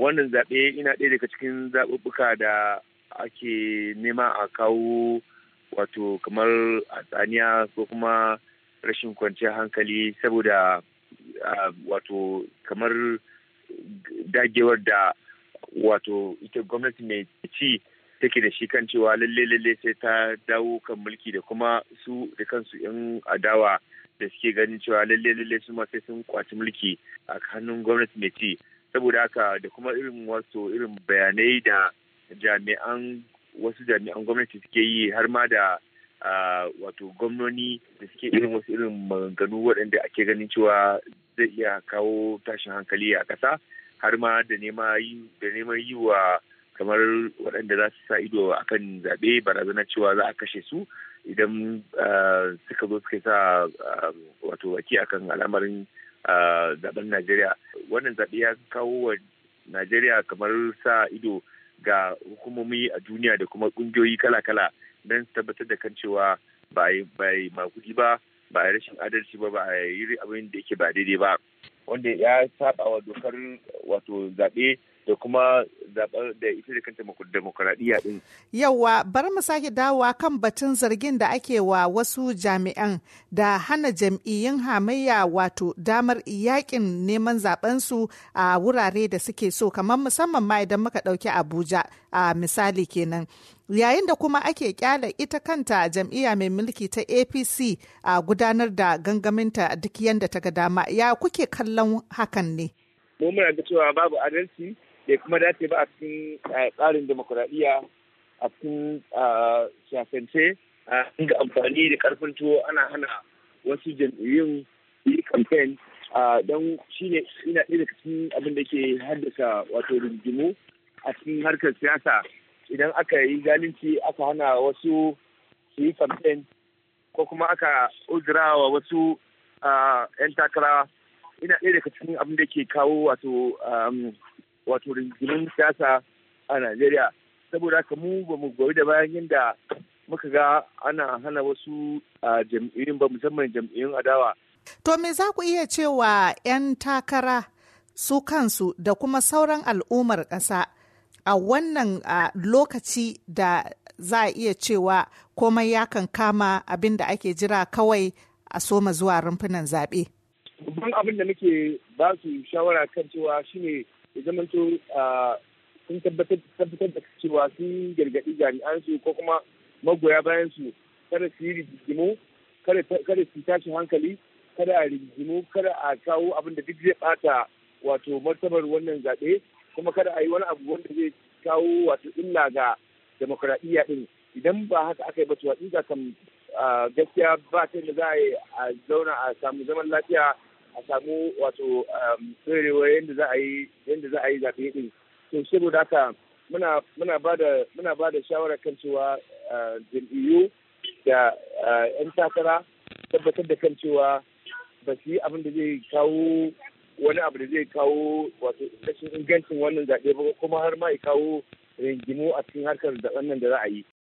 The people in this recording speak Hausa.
wannan zaɓe ina ɗaya daga cikin zaɓuɓɓuka da ake nema a kawo wato kamar hatsaniya ko kuma rashin kwanciyar hankali saboda wato kamar dagewar da wato ita gwamnati mai ci take da shi kan cewa lalle lalle sai ta dawo kan mulki da kuma su da kansu yan adawa da suke ganin cewa lalle lalle su ma sai sun kwaci mulki a hannun gwamnati mai ci saboda haka da kuma irin wasu irin bayanai da jami'an wasu jami'an gwamnati suke yi har ma da wato gwamnoni da suke irin wasu irin maganganu waɗanda ake ganin cewa zai iya kawo tashin hankali a ƙasa har ma da neman yi wa kamar waɗanda za su sa ido a kan zaɓe barazanar cewa za a kashe su idan suka zo suka sa wato waki akan al'amarin zaben Najeriya wannan zaɓe ya kawo wa Najeriya kamar sa ido ga hukumomi a duniya da kuma ƙungiyoyi kala-kala don tabbatar da kan cewa ba yi makudi ba ba yi rashin adalci ba ba yi abin da yake ba daidai ba wanda ya saba wa dokar wato zaɓe da kuma zaɓar da ita da kanta demokuraɗiyya ɗin. Yawwa bar mu sake dawowa kan batun zargin da ake wa wasu jami'an da hana jam'iyyun hamayya wato damar yakin neman zaɓensu a wurare da suke so kamar musamman ma idan muka ɗauki Abuja a misali kenan yayin da kuma ake kyala ita kanta jam'iyya mai mulki ta apc a gudanar da gangaminta duk yadda ta ga dama ya kuke kallon hakan ne mu muna ga cewa babu adalci bai kuma dace ba a cikin tsarin demokuraɗiyya a cikin shafance a ga amfani da karfin tuwo ana hana wasu jam'iyyun yi kamfen don shine ina ɗaya daga cikin abin da ke haddasa wato rigimu a cikin harkar siyasa idan aka yi zalunci aka hana wasu su yi campaign ko kuma aka uzurawa wasu 'yan takara ina ɗaya daga cikin abin da ke kawo wato um, siyasa a Najeriya saboda haka mu ba mu gobe da bayan yadda muka ga ana hana wasu jam'iyyun ba musamman jam'iyyun adawa. To me za ku iya cewa 'yan takara su kansu da kuma sauran al'ummar ƙasa a wannan lokaci da za a iya cewa komai ya kan kama abin da ake jira kawai a soma zuwa rumfunan zaɓe. Babban abin da muke ba su shawara kan cewa shine ya to sun tabbatar da cewa sun gargaɗi jami'an su ko kuma magoya bayan su kada su yi rigimu kada su tashi hankali kada a rigimu kada a kawo abin da duk zai bata wato martabar wannan zaɓe kuma kada a yi wani abu wanda zai kawo wato illa ga demokradiyya din idan ba haka aka yi ba tuwa kan gaskiya ba ta da za a zauna a samu zaman lafiya a samu wato um, tsorewa yadda za a yi yadda yi zaɓe ɗin to saboda haka muna muna ba da muna ba kan cewa jam'iyyu da 'yan takara tabbatar da kan cewa ba su yi abin da zai kawo wani abu da zai kawo wato ingancin wannan zaɓe ba kuma har ma ya kawo rigimu a cikin harkar da nan da za a yi.